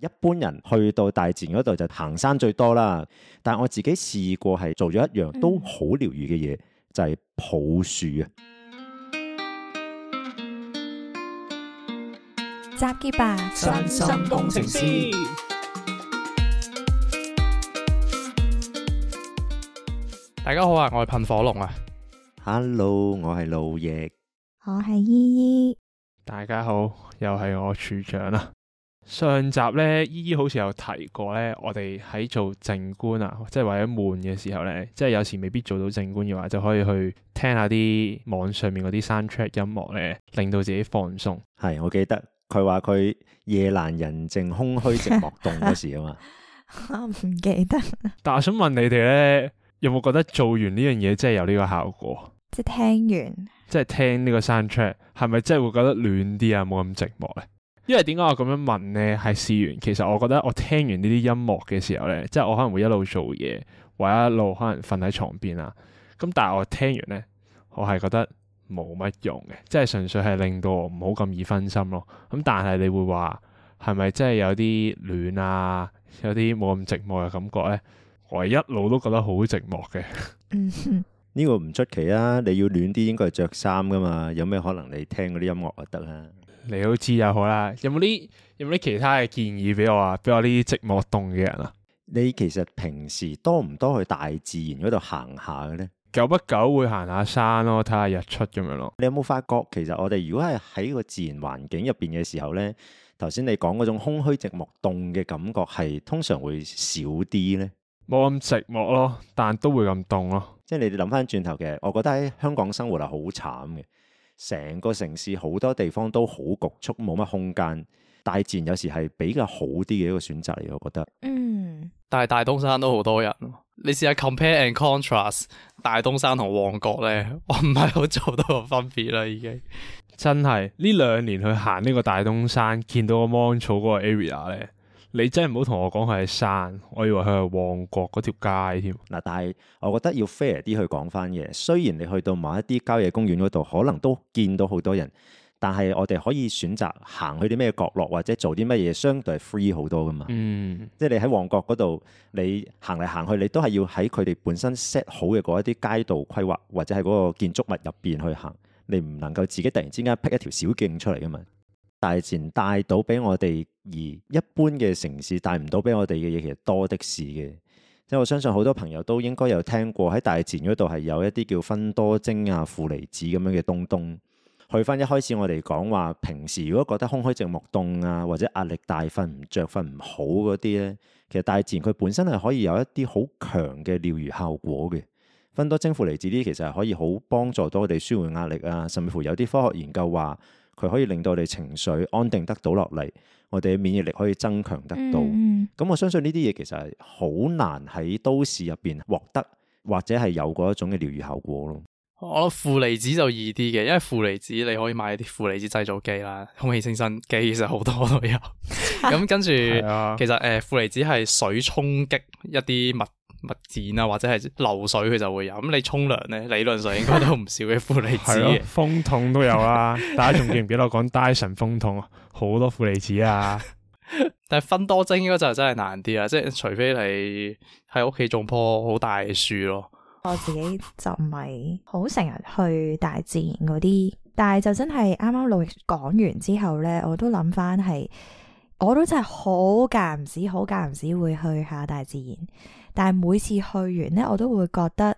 一般人去到大自然嗰度就行山最多啦，但係我自己試過係做咗一樣都好療癒嘅嘢，嗯、就係抱樹啊！集結吧，身心工程師！程師，大家好啊，我係噴火龍啊！Hello，我係路易，我係依依。大家好，又係我處長啦。上集咧，姨姨好似有提過咧，我哋喺做靜觀啊，即係或者悶嘅時候咧，即係有時未必做到靜觀嘅話，就可以去聽一下啲網上面嗰啲山 t 音樂咧，令到自己放鬆。係，我記得佢話佢夜闌人靜、空虛寂寞凍嗰時啊嘛。 我唔記得。但係我想問你哋咧，有冇覺得做完呢樣嘢真係有呢個效果？即係聽完。即係聽呢個山 t r 係咪真係會覺得暖啲啊？冇咁寂寞咧？因為點解我咁樣問呢？係試完，其實我覺得我聽完呢啲音樂嘅時候呢，即係我可能會一路做嘢，或者一路可能瞓喺床邊啊。咁但係我聽完呢，我係覺得冇乜用嘅，即係純粹係令到我唔好咁易分心咯。咁但係你會話係咪真係有啲暖啊？有啲冇咁寂寞嘅感覺呢？我一路都覺得好寂寞嘅。呢個唔出奇啊！你要暖啲，應該係著衫噶嘛。有咩可能你聽嗰啲音樂就得啦？你好知又好啦，有冇啲有冇啲其他嘅建議俾我啊？俾我啲寂寞凍嘅人啊？你其實平時多唔多去大自然嗰度行下嘅咧？久不久會行下山咯，睇下日出咁樣咯。你有冇發覺其實我哋如果係喺個自然環境入邊嘅時候咧，頭先你講嗰種空虛、寂寞、凍嘅感覺係通常會少啲咧？冇咁寂寞咯，但都會咁凍咯。即係你哋諗翻轉頭，其實我覺得喺香港生活係好慘嘅。成個城市好多地方都好局促，冇乜空間。大自然有時係比較好啲嘅一個選擇嚟，我覺得。嗯。但係大東山都好多人，嗯、你試下 compare and contrast 大東山同旺角咧，我唔係好做到個分別啦，已經。真係呢兩年去行呢個大東山，見到個芒草嗰個 area 咧。你真係唔好同我講佢係山，我以為佢係旺角嗰條街添。嗱，但係我覺得要 fair 啲去講翻嘢。雖然你去到某一啲郊野公園嗰度，可能都見到好多人，但係我哋可以選擇行去啲咩角落，或者做啲乜嘢，相對係 free 好多噶嘛。嗯，即係你喺旺角嗰度，你行嚟行去，你都係要喺佢哋本身 set 好嘅嗰一啲街道規劃，或者係嗰個建築物入邊去行，你唔能夠自己突然之間闢一條小徑出嚟噶嘛。大自然帶到俾我哋。而一般嘅城市帶唔到俾我哋嘅嘢，其實多的是嘅。即係我相信好多朋友都應該有聽過，喺大自然嗰度係有一啲叫芬多精啊、負離子咁樣嘅東東。去翻一開始我哋講話，平時如果覺得空虛寂寞、凍啊，或者壓力大、瞓唔着、瞓唔好嗰啲咧，其實大自然佢本身係可以有一啲好強嘅療愈效果嘅。芬多精、負離子呢啲其實係可以好幫助到我哋舒緩壓力啊，甚至乎有啲科學研究話、啊。佢可以令到你情緒安定得到落嚟，我哋嘅免疫力可以增強得到。咁、嗯、我相信呢啲嘢其實係好難喺都市入邊獲得，或者係有嗰一種嘅療癒效果咯。我覺得負離子就易啲嘅，因為負離子你可以買啲負離子製造機啦，空氣清新機其實好多都有。咁、 嗯、跟住， 啊、其實誒、呃、負離子係水衝擊一啲物物展啊，或者係流水，佢就會有咁、嗯。你沖涼咧，理論上應該都唔少嘅負離子。 係風筒都有啦、啊。 大家仲記唔記得我講 Dyson 風筒啊？好多負離子啊。 但係芬多精應該就真係難啲啦，即係除非你喺屋企種棵好大嘅樹咯。我自己就唔係好成日去大自然嗰啲， 但係就真係啱啱路易講完之後咧，我都諗翻係，我都真係好間唔時，好間唔時會去下大自然。但係每次去完呢，我都會覺得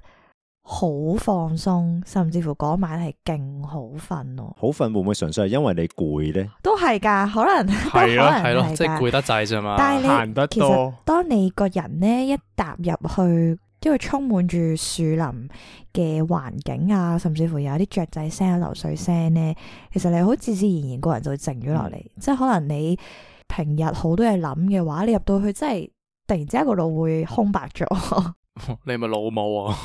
好放鬆，甚至乎嗰晚係勁好瞓咯。好瞓會唔會純粹係因為你攰呢？都係噶，可能、啊、都可能係咯，係咯、啊，即係攰得滯啫嘛。但係你其實當你個人呢一踏入去，因為充滿住樹林嘅環境啊，甚至乎有啲雀仔聲、流水聲呢，其實你好自自然然個人就會靜咗落嚟。嗯、即係可能你平日好多嘢諗嘅話，你入到去真係。突然之間個腦會空白咗， 你係咪老母啊？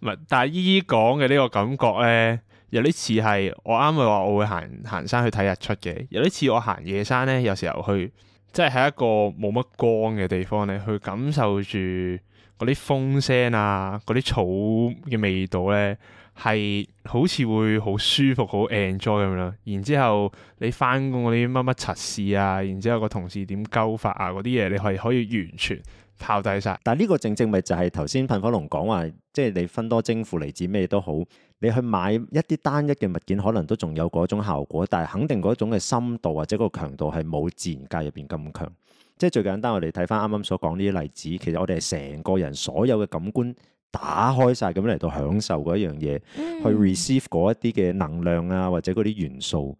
唔 係，但係姨姨講嘅呢個感覺咧，有啲似係我啱咪話我會行行山去睇日出嘅，有啲似我行夜山咧，有時候去即係喺一個冇乜光嘅地方咧，去感受住嗰啲風聲啊，嗰啲草嘅味道咧。係好似會好舒服、好 enjoy 咁樣，然之後你翻工嗰啲乜乜測試啊，然之後個同事點溝法啊，嗰啲嘢，你係可以完全拋低晒。但係呢個正正咪就係頭先噴火龍講話，即係你分多正負離子咩都好，你去買一啲單一嘅物件，可能都仲有嗰種效果，但係肯定嗰種嘅深度或者個強度係冇自然界入邊咁強。即係最簡單，我哋睇翻啱啱所講呢啲例子，其實我哋成個人所有嘅感官。打開晒，咁嚟到享受嗰、嗯、一樣嘢，去 receive 嗰一啲嘅能量啊，或者嗰啲元素。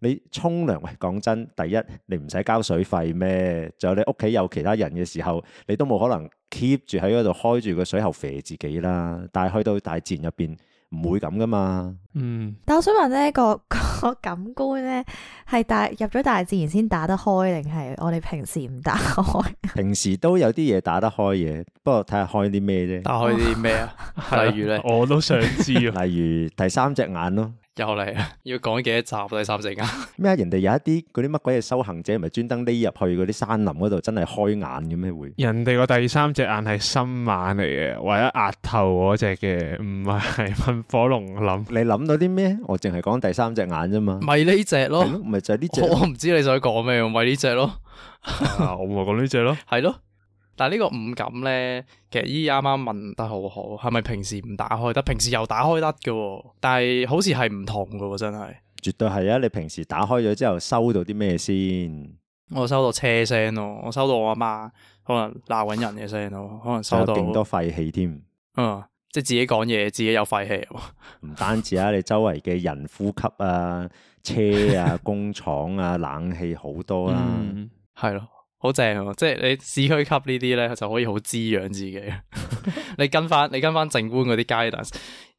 你沖涼，喂，講真，第一你唔使交水費咩？仲有，你屋企有其他人嘅時候，你都冇可能 keep 住喺嗰度開住個水喉肥自己啦。但係去到大自然入邊。唔會咁噶嘛？嗯，但我想問咧，嗰個、嗰個感官咧係大入咗大自然先打得開，定係我哋平時唔打開？ 平時都有啲嘢打得開嘅，不過睇下開啲咩啫。打開啲咩啊？ 例如咧，我都想知。例如第三隻眼咯。又嚟啦！要講幾多集第三隻眼？咩人哋有一啲嗰啲乜鬼嘢修行者，咪專登匿入去嗰啲山林嗰度，真係開眼嘅咩會？人哋個第三隻眼係心眼嚟嘅，或者額頭嗰隻嘅，唔係噴火龍諗。你諗到啲咩？我淨係講第三隻眼啫嘛。咪呢隻咯？咪就係呢隻。我唔知你想講咩，咪呢隻咯。我咪講呢隻咯。係咯。但係呢個五感咧，其實依啱啱問得好好，係咪平時唔打開得，平時又打開得嘅？但係好似係唔同嘅喎，真係。絕對係啊！你平時打開咗之後，收到啲咩先？我收到車聲咯，我收到我阿媽可能鬧緊人嘅聲咯， 可能收到。有勁多廢氣添。嗯，即係自己講嘢，自己有廢氣。唔單止啊， 你周圍嘅人呼吸啊、車啊、工廠啊、冷氣好多啦、啊，係咯、 嗯。好正喎！即係你市區級呢啲咧，就可以好滋養自己 你。你跟翻你跟翻正官嗰啲街燈，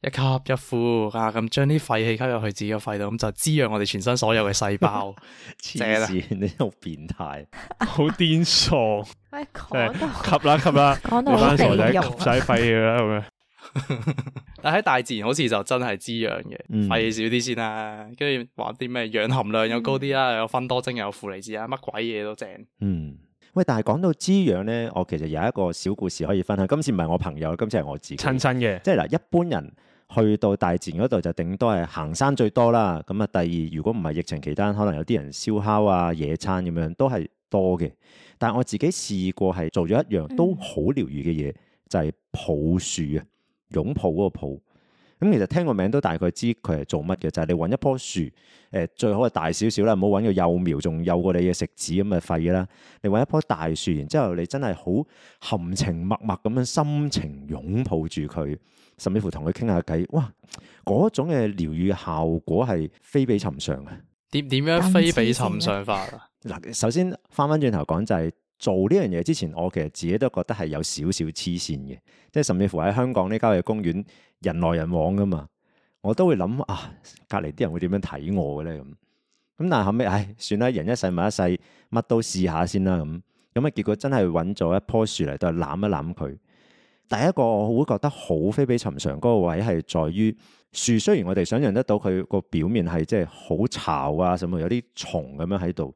一吸一呼啊，咁將啲廢氣吸入去自己嘅肺度，咁就滋養我哋全身所有嘅細胞。黐線 病， 你好變態，好癲傻。誒、 哎 吸啦吸啦，講到我鼻仔、肺氣啦咁樣。 但喺大自然好似就真係滋養嘅，費、嗯、少啲先啦、啊。跟住話啲咩氧含量又高啲啦、啊，嗯、有芬多精，有負離子，乜鬼嘢都正。嗯，喂，但係講到滋養呢，我其實有一個小故事可以分享。今次唔係我朋友，今次係我自己親親嘅。親親即係嗱，一般人去到大自然嗰度就頂多係行山最多啦。咁啊，第二如果唔係疫情期間，可能有啲人燒烤啊、野餐咁樣都係多嘅。但係我自己試過係做咗一樣都好療癒嘅嘢，就係抱樹啊。 擁抱嗰個抱，咁其實聽個名都大概知佢係做乜嘅，就係、是、你搵一棵樹，誒最好係大少少啦，唔好搵個幼苗，仲幼過你嘅食指咁咪廢啦！你搵一棵大樹，然之後你真係好含情脈脈咁樣，深情擁抱住佢，甚至乎同佢傾下偈，哇，嗰種嘅療愈效果係非比尋常嘅。點點樣非比尋常法啊？嗱，首先翻翻轉頭講就係、是。做呢樣嘢之前，我其實自己都覺得係有少少黐線嘅，即係甚至乎喺香港呢郊野公園人來人往噶嘛，我都會諗啊，隔籬啲人會點樣睇我嘅咧咁。咁但係後尾唉，算啦，人一世物一世，乜都試下先啦咁。咁啊，結果真係搵咗一棵樹嚟度攬一攬佢。第一個我會覺得好非比尋常嗰個位係在於樹，樹雖然我哋想象得到佢個表面係即係好巢啊，甚至有啲蟲咁樣喺度。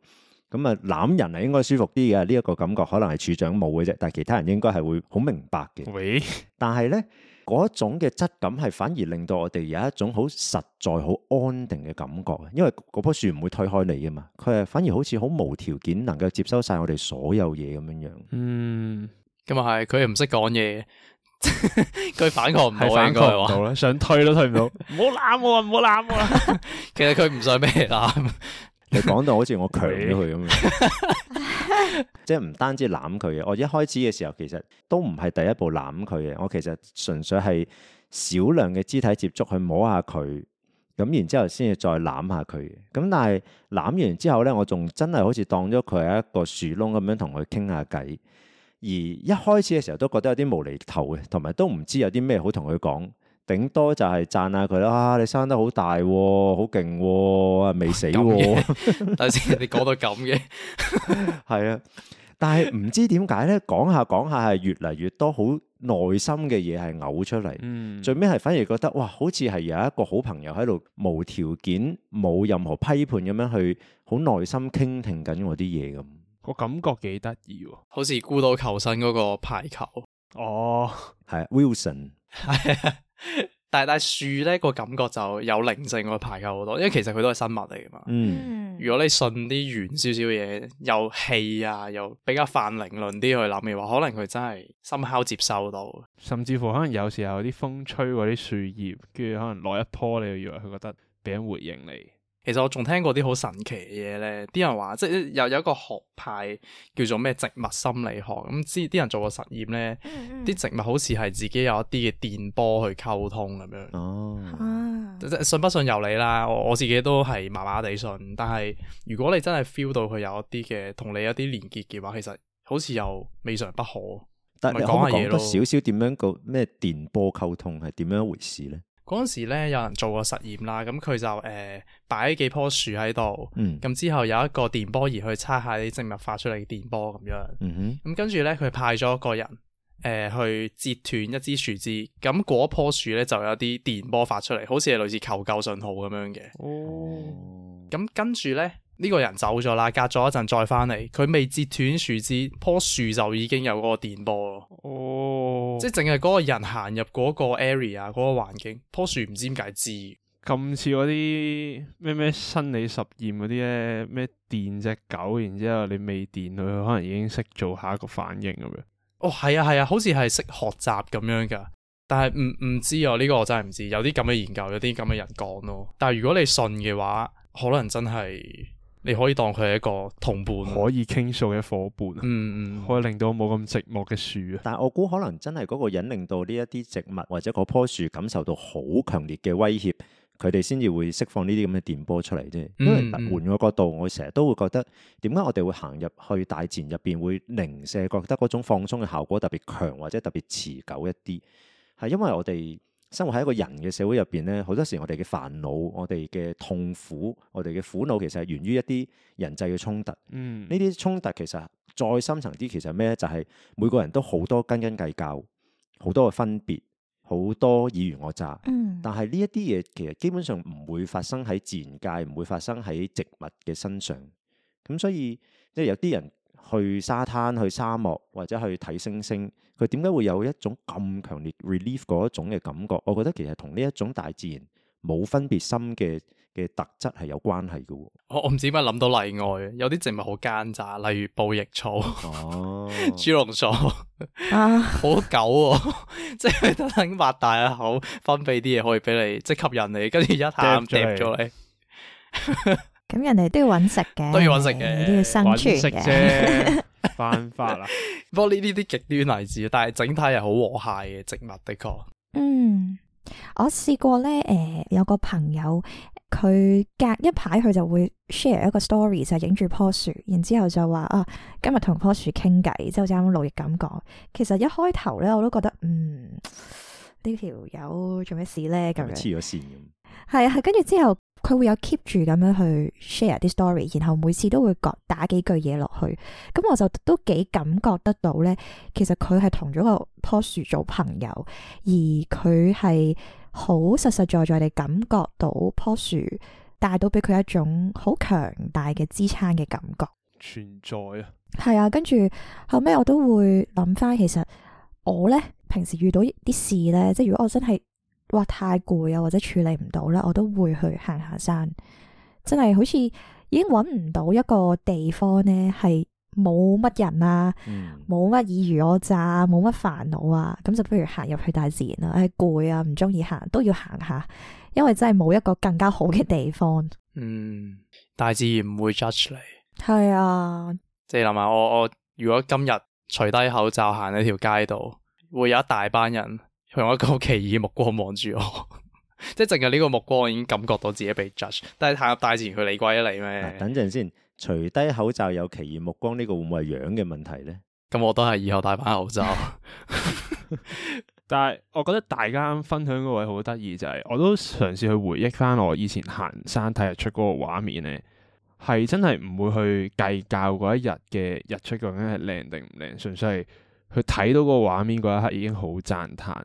咁啊，攬人係應該舒服啲嘅，呢一個感覺可能係處長冇嘅啫，但係其他人應該係會好明白嘅。喂，但係咧嗰種嘅質感係反而令到我哋有一種好實在、好安定嘅感覺，因為嗰棵樹唔會推開你㗎嘛，佢係反而好似好無條件能夠接收晒我哋所有嘢咁樣樣。嗯，咁啊係，佢又唔識講嘢，佢反抗唔到，反抗唔到咧，想推都推唔到。唔好攬我啊，唔好攬我啊！其實佢唔想咩攬。你講到好似我強咗佢咁樣，即係唔單止攬佢嘅。我一開始嘅時候其實都唔係第一步攬佢嘅。我其實純粹係少量嘅肢體接觸去摸下佢，咁然之後先至再攬下佢。咁但係攬完之後咧，我仲真係好似當咗佢係一個樹窿咁樣同佢傾下偈。而一開始嘅時候都覺得有啲無厘頭嘅，同埋都唔知有啲咩好同佢講。頂多就係讚下佢啦，你生得好大，好、啊、勁，啊未死。咁嘅、啊， 等下先，你講到咁嘅，係 啊，但係唔知點解咧，講下講下係越嚟越多好內心嘅嘢係嘔出嚟，嗯，最尾係反而覺得哇，好似係有一個好朋友喺度無條件、冇任何批判咁樣去好耐心傾聽緊我啲嘢咁，個感覺幾得意，好似孤島求生嗰個排球，哦，係、啊、Wilson，係 但係但樹咧個感覺就有靈性個排球好多，因為其實佢都係生物嚟噶嘛。嗯，如果你信啲玄少少嘢，又氣啊，又比較泛靈論啲去諗，嘅話可能佢真係深刻接受到，甚至乎可能有時候啲風吹過啲樹葉，跟住可能落一棵，你就以為佢覺得俾人回應你。其實我仲聽過啲好神奇嘅嘢咧，啲人話即係又有一個學派叫做咩植物心理學咁，之前啲人做過實驗咧，啲、嗯嗯、植物好似係自己有一啲嘅電波去溝通咁樣。哦，信不信由你啦，我我自己都係麻麻地信。但係如果你真係 feel 到佢有一啲嘅同你有一啲連結嘅話，其實好似又未嘗不可。但係可唔可以講少少點樣個咩電波溝通係點樣一回事咧？嗰陣時咧，有人做過實驗啦，咁佢就誒擺、呃、幾樖樹喺度，咁、嗯、之後有一個電波儀去測下啲植物發出嚟嘅電波咁樣，咁、嗯、哼跟住咧佢派咗一個人誒、呃、去截斷一支樹枝，咁嗰樖樹咧就有啲電波發出嚟，好似係類似求救信號咁樣嘅。哦，咁跟住咧呢、呢個人走咗啦，隔咗一陣再翻嚟，佢未截斷樹枝，樖樹就已經有嗰個電波咯。哦。即係淨係嗰個人行入嗰個 area 嗰個環境，棵樹唔知點解知，咁似嗰啲咩咩心理實驗嗰啲咧，咩電隻狗，然之後你未電佢，佢可能已經識做下一個反應咁樣。哦，係啊係啊，好似係識學習咁樣噶但係唔唔知啊，呢個我真係唔知。有啲咁嘅研究，有啲咁嘅人講咯。但係如果你信嘅話，可能真係。你可以當佢係一個同伴，可以傾訴嘅伙伴，嗯嗯，可以令到冇咁寂寞嘅樹。但係我估可能真係嗰個引令到呢一啲植物或者嗰棵樹感受到好強烈嘅威脅，佢哋先至會釋放呢啲咁嘅電波出嚟啫。嗯嗯嗯，因為換個角度，我成日都會覺得，點解我哋會行入去大自然入邊會零舍覺得嗰種放鬆嘅效果特別強或者特別持久一啲，係因為我哋。生活喺一個人嘅社會入邊咧，好多時我哋嘅煩惱、我哋嘅痛苦、我哋嘅苦惱，其實係源於一啲人際嘅衝突。嗯，呢啲衝突其實再深層啲，其實咩咧？就係每個人都好多斤斤計較，好多嘅分別，好多爾虞我詐。嗯，但係呢一啲嘢其實基本上唔會發生喺自然界，唔會發生喺植物嘅身上。咁所以即係有啲人去沙灘、去沙漠或者去睇星星。佢點解會有一種咁強烈 relief 嗰一種嘅感覺？我覺得其實同呢一種大自然冇分別心嘅嘅特質係有關係嘅。我唔知點解諗到例外，有啲植物好奸詐，例如捕蠅草、哦、豬籠草，好、啊、狗、啊，即係都等擘大口分泌啲嘢可以俾你，即係吸引你，跟住一啖掟咗你。咁了 人哋都要揾食嘅，都要揾食嘅，都要生存嘅。 辦法啦， 發了 不過呢呢啲極端例子，但係整體係好和諧嘅植物的確。嗯，我試過咧，誒、呃，有個朋友佢隔一排佢就會 share 一個 story 就影、是、住棵樹，然之後就話啊，今日同棵樹傾偈，即係好似啱啱露亦咁講。其實一開頭咧，我都覺得嗯， 呢條友做咩事咧，咁黐咗線係啊，跟住之後佢會有 keep 住咁樣去 share 啲 story，然後每次都會打幾句嘢落去，咁我就都幾感覺得到咧，其實佢係同咗個棵樹做朋友，而佢係好實實在在地感覺到棵樹帶到俾佢一種好強大嘅支撐嘅感覺存在啊。係啊，跟住後尾我都會諗翻，其實我咧平時遇到啲事咧，即係如果我真係。哇太攰啊，或者處理唔到啦，我都會去行下山。真係好似已經揾唔到一個地方呢，係冇乜人啊，冇乜爾虞我詐，冇乜煩惱啊。咁就不如行入去大自然啦。唉、哎，攰啊，唔中意行都要行下，因為真係冇一個更加好嘅地方。嗯，大自然唔會 judge 你。係啊，即係諗下，我我如果今日除低口罩行喺條街度，會有一大班人。用一個奇異目光望住我 ，即係淨係呢個目光，我已經感覺到自己被 judge。但係踏入大自然，佢理鬼得你咩？等陣先，除低口罩有奇異目光，呢、這個會唔會係樣嘅問題呢？咁、嗯、我都係以後戴翻口罩。但係我覺得大家分享嗰位好得意，就係、是、我都嘗試去回憶翻我以前行山睇日出嗰個畫面呢係真係唔會去計較嗰一日嘅日出究竟係靚定唔靚，純粹係去睇到個畫面嗰一刻已經好讚嘆。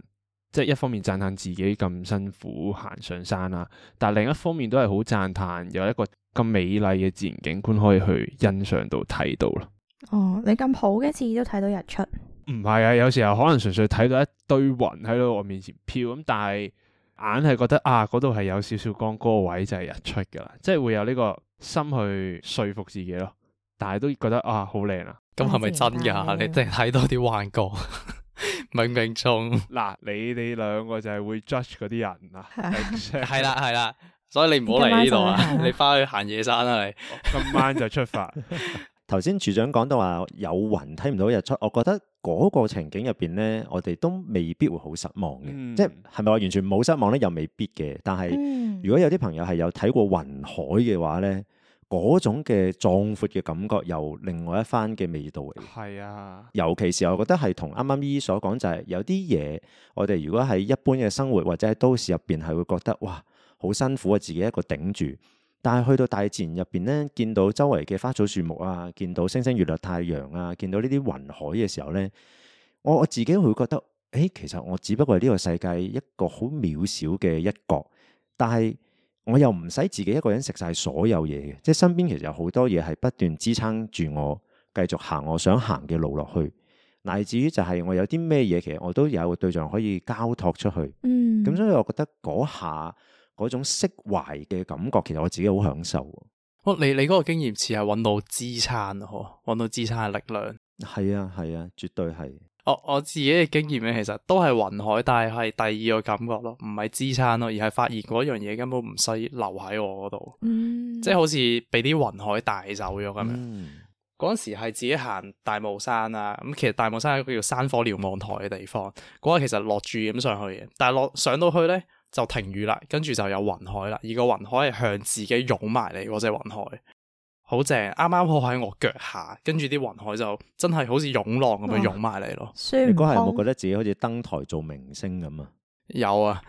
即係一方面讚嘆自己咁辛苦行上山啦，啊，但係另一方面都係好讚嘆有一個咁美麗嘅自然景觀可以去欣賞到睇到啦。哦，你咁好嘅次都睇到日出？唔係啊，有時候可能純粹睇到一堆雲喺到我面前飄咁，但係硬係覺得啊，嗰度係有少少光，嗰、嗰個位就係日出噶啦，即係會有呢個心去說服自己咯。但係都覺得啊，好靚啊，咁係咪真噶、啊？你真係睇多啲幻覺。 明明中嗱，你哋兩個就係會 judge 嗰啲人啊，係啦係啦，所以你唔好嚟呢度啊，你翻去行夜山啦，你 今晚就出發。頭先廚長講到話有雲睇唔到日出，我覺得嗰個情景入邊咧，我哋都未必會好失望嘅，嗯、即係咪話完全冇失望咧？又未必嘅。但係如果有啲朋友係有睇過雲海嘅話咧。嗰種嘅壯闊嘅感覺，又另外一番嘅味道嚟。係啊，尤其是我覺得係同啱啱依依所講就係有啲嘢，我哋如果喺一般嘅生活或者喺都市入邊係會覺得哇好辛苦啊，自己一個頂住。但係去到大自然入邊咧，見到周圍嘅花草樹木啊，見到星星月亮太陽啊，見到呢啲雲海嘅時候咧，我我自己會覺得，誒，其實我只不過係呢個世界一個好渺小嘅一角，但係，我又唔使自己一個人食晒所有嘢嘅，即係身邊其實有好多嘢係不斷支撐住我繼續行我想行嘅路落去，乃至於就係我有啲咩嘢，其實我都有個對象可以交託出去。嗯，咁所以我覺得嗰下嗰種釋懷嘅感覺，其實我自己好享受。我、啊、你你嗰個經驗似係搵到支撐咯，搵、啊、到支撐嘅力量。係啊，係啊，絕對係。我我自己嘅經驗咧，其實都係雲海，但係第二個感覺咯，唔係支撐咯，而係發現嗰樣嘢根本唔需留喺我嗰度，嗯、即係好似俾啲雲海帶走咗咁樣。嗰陣、嗯、時係自己行大霧山啊，咁其實大霧山係一個叫山火瞭望台嘅地方，嗰日其實落住咁上去嘅，但係落上到去呢，就停雨啦，跟住就有雲海啦，而個雲海係向自己湧埋嚟嗰隻雲海。好正，啱啱好喺我腳下，跟住啲雲海就真係好似湧浪咁樣湧埋嚟咯。你嗰日有冇覺得自己好似登台做明星咁啊？有啊，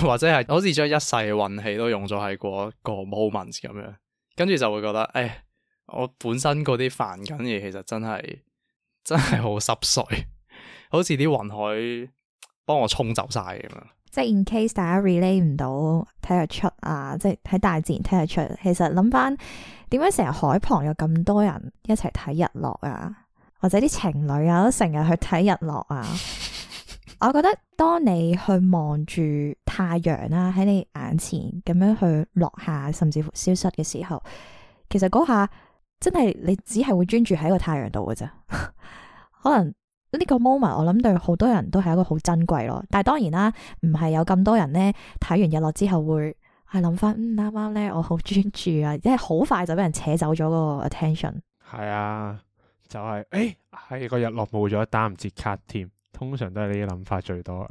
或者係好似將一世嘅運氣都用咗喺嗰個 moment 咁樣，跟住就會覺得，誒、哎，我本身嗰啲煩緊嘢其實真係真係 好濕碎，好似啲雲海幫我沖走晒咁樣。即係 in case 大家 relay 唔到睇日出啊，即係喺大自然睇日出。其實諗翻點解成日海旁有咁多人一齊睇日落啊，或者啲情侶啊都成日去睇日落啊。我覺得當你去望住太陽啦、啊，喺你眼前咁樣去落下，甚至乎消失嘅時候，其實嗰下真係你只係會專注喺個太陽度噶咋。 可能。呢個 moment 我諗，對好多人都係一個好珍貴咯。但係當然啦，唔係有咁多人呢睇完日落之後會係諗翻，嗯，啱啱呢，我好專注啊，即係好快就俾人扯走咗嗰個 attention。係啊，就係，是，誒，哎，哎哎，喺個日落冇咗，打唔折卡添。通常都係呢啲諗法最多啊。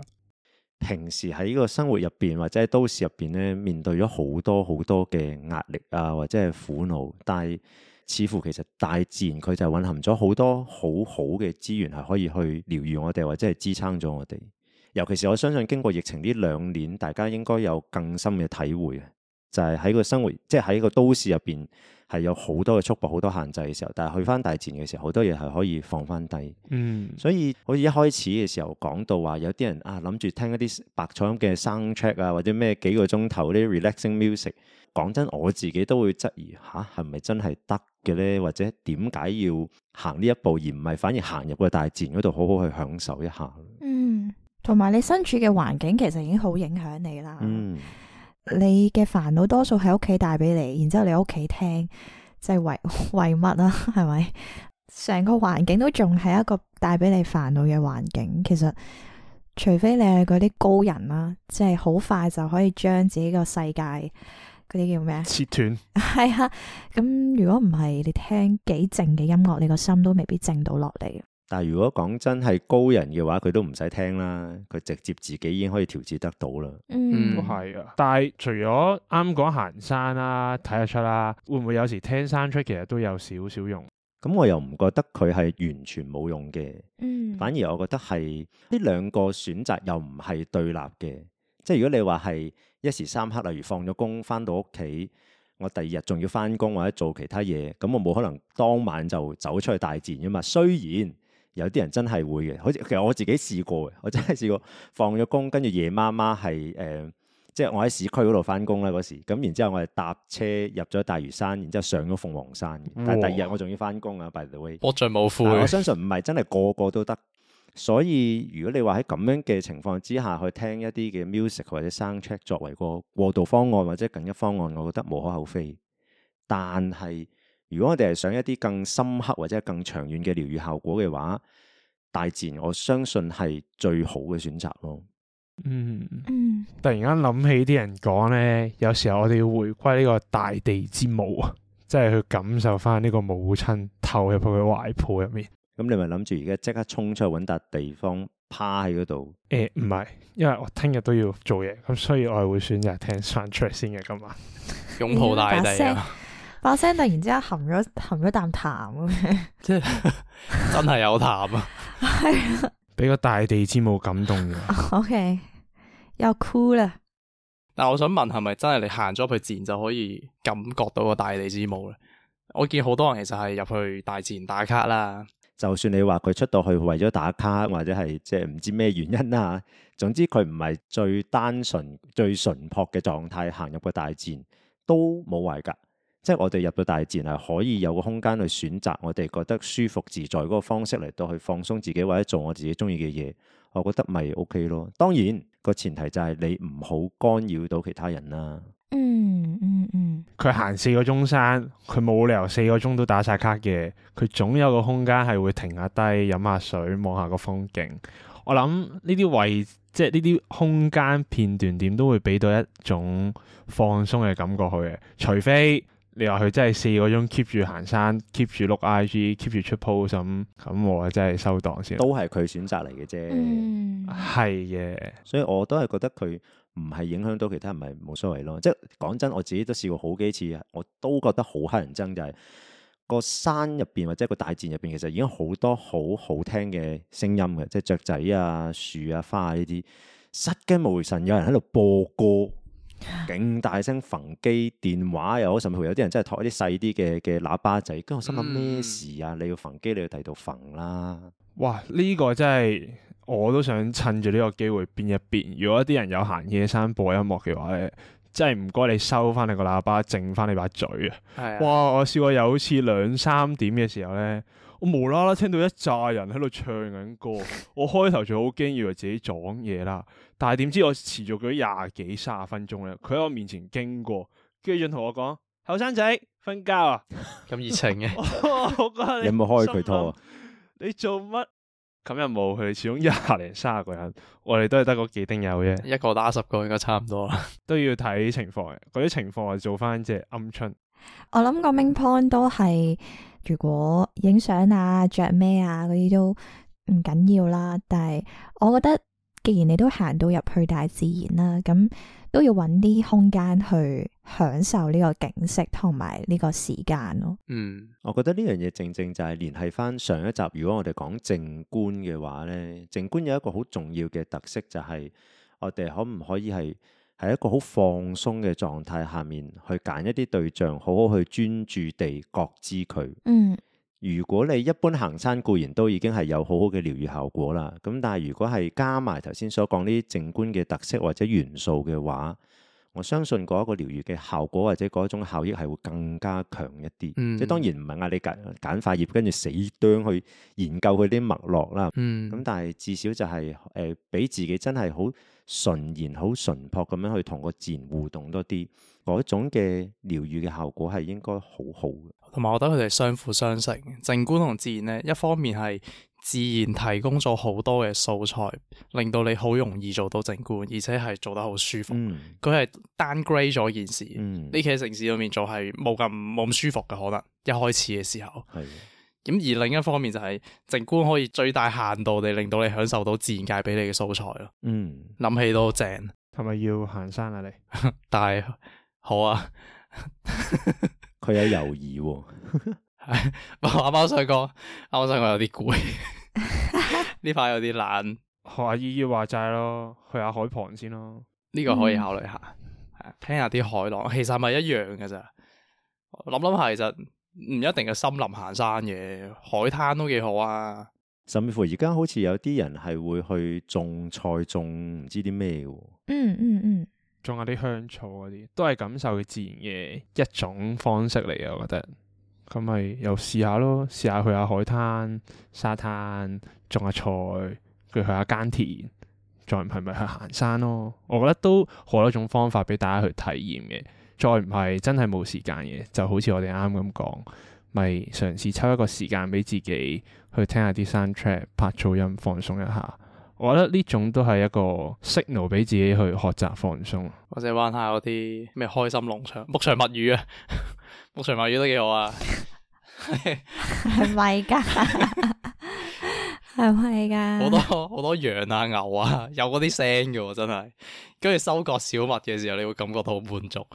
平時喺呢個生活入邊或者都市入邊呢，面對咗好多好多嘅壓力啊，或者係苦惱，但係。似乎其實大自然佢就蘊含咗好多好好嘅資源，係可以去療癒我哋，或者係支撐咗我哋。尤其是我相信經過疫情呢兩年，大家應該有更深嘅體會就係、是、喺個生活，即係喺個都市入邊。係有好多嘅束縛、好多限制嘅時候，但係去翻大自然嘅時候，好多嘢係可以放翻低。嗯，所以好似一開始嘅時候講到話，有啲人啊諗住聽一啲白噪音嘅 sound check 啊，或者咩幾個鐘頭啲 relaxing music，講真我自己都會質疑吓，係咪真係得嘅呢？或者點解要行呢一步，而唔係反而行入個大自然嗰度好好去享受一下？嗯，同埋你身處嘅環境其實已經好影響你啦。嗯。你嘅煩惱多數喺屋企帶俾你，然之後你喺屋企聽，即係為為乜啊？係咪？成個環境都仲係一個帶俾你煩惱嘅環境。其實，除非你係嗰啲高人啦，即係好快就可以將自己個世界嗰啲叫咩啊？切斷。係啊，咁如果唔係，你聽幾靜嘅音樂，你個心都未必靜到落嚟。但係如果講真係高人嘅話，佢都唔使聽啦，佢直接自己已經可以調節得到啦。嗯，都係、嗯、啊。但係除咗啱講行山啦，睇日出啦，會唔會有時聽山吹其實都有少少用？咁我又唔覺得佢係完全冇用嘅。嗯，反而我覺得係呢兩個選擇又唔係對立嘅。即係如果你話係一時三刻，例如放咗工翻到屋企，我第二日仲要翻工或者做其他嘢，咁我冇可能當晚就走出去大自然㗎嘛。雖然有啲人真係會嘅，好似其實我自己試過嘅，我真係試過放咗工，跟住夜媽媽係誒，即、呃、係、就是、我喺市區嗰度返工啦，嗰時咁，然之後我係搭車入咗大嶼山，然之後上咗鳳凰山，但係第二日我仲要返工啊，by the way，我搏盡冇悔。我相信唔係真係個個都得，所以如果你話喺咁樣嘅情況之下去聽一啲嘅 music 或者 soundtrack 作為個過渡方案或者緊急方案，我覺得無可厚非，但係，如果我哋係想一啲更深刻或者更長遠嘅療愈效果嘅話，大自然我相信係最好嘅選擇咯。嗯嗯，突然間諗起啲人講咧，有時候我哋要回歸呢個大地之母啊，即係去感受翻呢個母親，投入去佢懷抱入面。咁、嗯、你咪諗住而家即刻衝出去揾笪地方趴喺嗰度？誒唔係，因為我聽日都要做嘢，咁所以我係會選擇聽翻出嚟先嘅今日，擁 抱大地啊！ 把聲突然之間含咗含咗啖痰咁樣，即係真係有痰啊！係啊，俾個大地之母感動嘅。OK，又哭了。但我想問，係咪真係你行咗去自然就可以感覺到個大地之母咧？我見好多人其實係入去大自然打卡啦。就算你話佢出到去為咗打卡，或者係即係唔知咩原因啊，總之佢唔係最單純、最純樸嘅狀態行入個大自然都冇壞噶。即係我哋入到大自然係可以有個空間去選擇我哋覺得舒服自在嗰個方式嚟到去放鬆自己或者做我自己中意嘅嘢，我覺得咪 OK 咯。當然個前提就係你唔好干擾到其他人啦。嗯。嗯嗯嗯，佢行四個鐘山，佢冇理由四個鐘都打晒卡嘅，佢總有個空間係會停下低飲下水望下個風景。我諗呢啲位即係呢啲空間片段點都會俾到一種放鬆嘅感覺去嘅，除非。你話佢真係四個鐘 keep 住行山，keep 住碌 IG，keep 住出 post 咁，我真係收檔先。都係佢選擇嚟嘅啫，係嘅、嗯。的所以我都係覺得佢唔係影響到其他人，咪冇所謂咯。即係講真，我自己都試過好幾次，我都覺得好乞人憎就係個山入邊或者個大自然入邊，其實已經好多好好聽嘅聲音嘅，即係雀仔啊、樹啊、花啊呢啲失驚無神，有人喺度播歌。勁大聲焚機電話，又好，甚至乎有啲人真係托啲細啲嘅嘅喇叭仔，跟住我心諗咩、嗯、事啊？你要焚機，你要第度焚啦！哇，呢、這個真係我都想趁住呢個機會變一變。如果一啲人有行夜山播音樂嘅話咧，嗯、真係唔該你收翻你個喇叭，靜翻你把嘴啊！嗯、哇，我試過有次兩三點嘅時候咧。我無啦啦聽到一紮人喺度唱緊歌，我開頭就好驚，以為自己撞嘢啦。但係點知我持續咗廿幾卅分鐘咧，佢喺我面前經過，跟住仲同我講：後生仔瞓覺啊！咁 熱情嘅， 我覺得有冇開佢拖啊？你做乜咁又冇？佢哋始終廿零卅個人，我哋都係得嗰幾丁友啫。一個打十個應該，而家差唔多啦，都要睇情況嘅。嗰啲情況就做翻隻鵪鶉。我諗個 main point 都係如果影相啊、着咩啊嗰啲都唔緊要，要啦，但係我覺得既然你都行到入去大自然啦，啊，咁都要揾啲空間去享受呢個景色同埋呢個時間咯。嗯，我覺得呢樣嘢正正就係聯繫翻上一集，如果我哋講靜觀嘅話咧，靜觀有一個好重要嘅特色就係我哋可唔可以係？係一個好放鬆嘅狀態下面，去揀一啲對象，好好去專注地覺知佢。嗯，如果你一般行山固然都已經係有好好嘅療愈效果啦，咁但係如果係加埋頭先所講呢啲靜觀嘅特色或者元素嘅話。我相信嗰一個療愈嘅效果或者嗰一種效益係會更加強一啲，即係、嗯、當然唔係嗌你揀揀花葉跟住死端去研究佢啲脈絡啦，咁、嗯、但係至少就係誒俾自己真係好純然、好純朴咁樣去同個自然互動多啲，嗰種嘅療愈嘅效果係應該好好嘅。同埋我覺得佢哋相輔相成，靜觀同自然咧，一方面係。自然提供咗好多嘅素材，令到你好容易做到靜觀，而且係做得好舒服。佢係單 g r a d e 咗件事，呢期、嗯、城市裏面做係冇咁冇咁舒服嘅可能。一開始嘅時候，係的，咁而另一方面就係、是、靜觀可以最大限度地令到你享受到自然界俾你嘅素材咯。嗯，諗起都正，係咪要行山啊你？ 但係，好啊，佢 有猶豫、啊 阿包帥哥，阿包帥哥有啲攰，呢 排有啲冷。學阿姨姨話齋咯，去下海旁先咯，呢個可以考慮下。嗯、聽下啲海浪，其實咪一樣嘅咋？諗諗下，其實唔一定係森林行山嘅，海灘都幾好啊。甚至乎而家好似有啲人係會去種菜，種唔知啲咩嘅。嗯嗯嗯，種下啲香草嗰啲，都係感受自然嘅一種方式嚟嘅，我覺得。咁咪又試下咯，試下去下海灘、沙灘種下菜，跟住去下耕田，再唔係咪去行山咯？我覺得都好多種方法俾大家去體驗嘅。再唔係真係冇時間嘅，就好似我哋啱啱咁講，咪嘗試抽一個時間俾自己去聽下啲山 o t r a c k 拍噪音放鬆一下。我覺得呢種都係一個 signal 俾自己去學習放鬆。或者玩下嗰啲咩開心農場、牧場物語啊～ 我場埋魚都幾好啊，係咪噶？係咪噶？好多好多羊啊、牛啊，有嗰啲聲嘅真係。跟住收割小麥嘅時候，你會感覺到好滿足。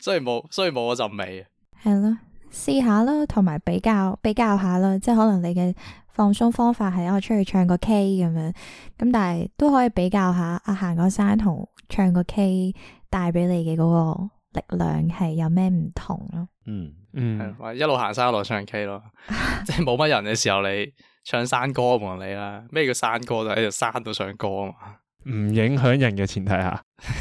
雖 然冇雖然冇嗰陣味，係咯，試下咯，同埋比較比較下咯，即係可能你嘅放鬆方法係我出去唱個 K 咁樣咁，但係都可以比較下啊，行個山同唱個 K 帶畀你嘅嗰個。力量係有咩唔同咯。嗯？嗯嗯，係 一路行山一路唱 K 咯，即係冇乜人嘅時候，你唱山歌無論你啦。咩叫山歌就喺度山度唱歌啊嘛，唔影響人嘅前提下。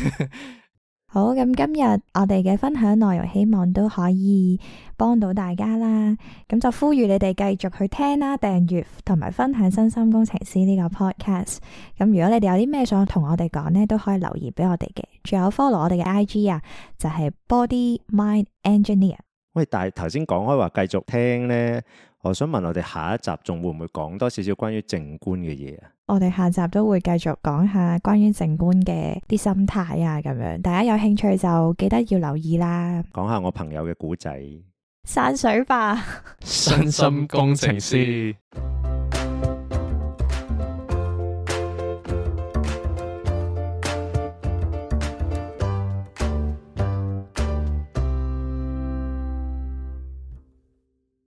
好咁，今日我哋嘅分享內容，希望都可以幫到大家啦。咁就呼籲你哋繼續去聽啦，訂閱同埋分享《身心工程師》呢個 podcast。咁如果你哋有啲咩想同我哋講呢，都可以留言俾我哋嘅。仲有 follow 我哋嘅 IG 啊，就係 Body Mind Engineer。喂，但係頭先講開話繼續聽呢。我想問，我哋下一集仲會唔會講多少少關於靜觀嘅嘢啊？我哋下集都會繼續講下關於靜觀嘅啲心態啊，咁樣大家有興趣就記得要留意啦。講下我朋友嘅古仔，山水吧， 身心工程師。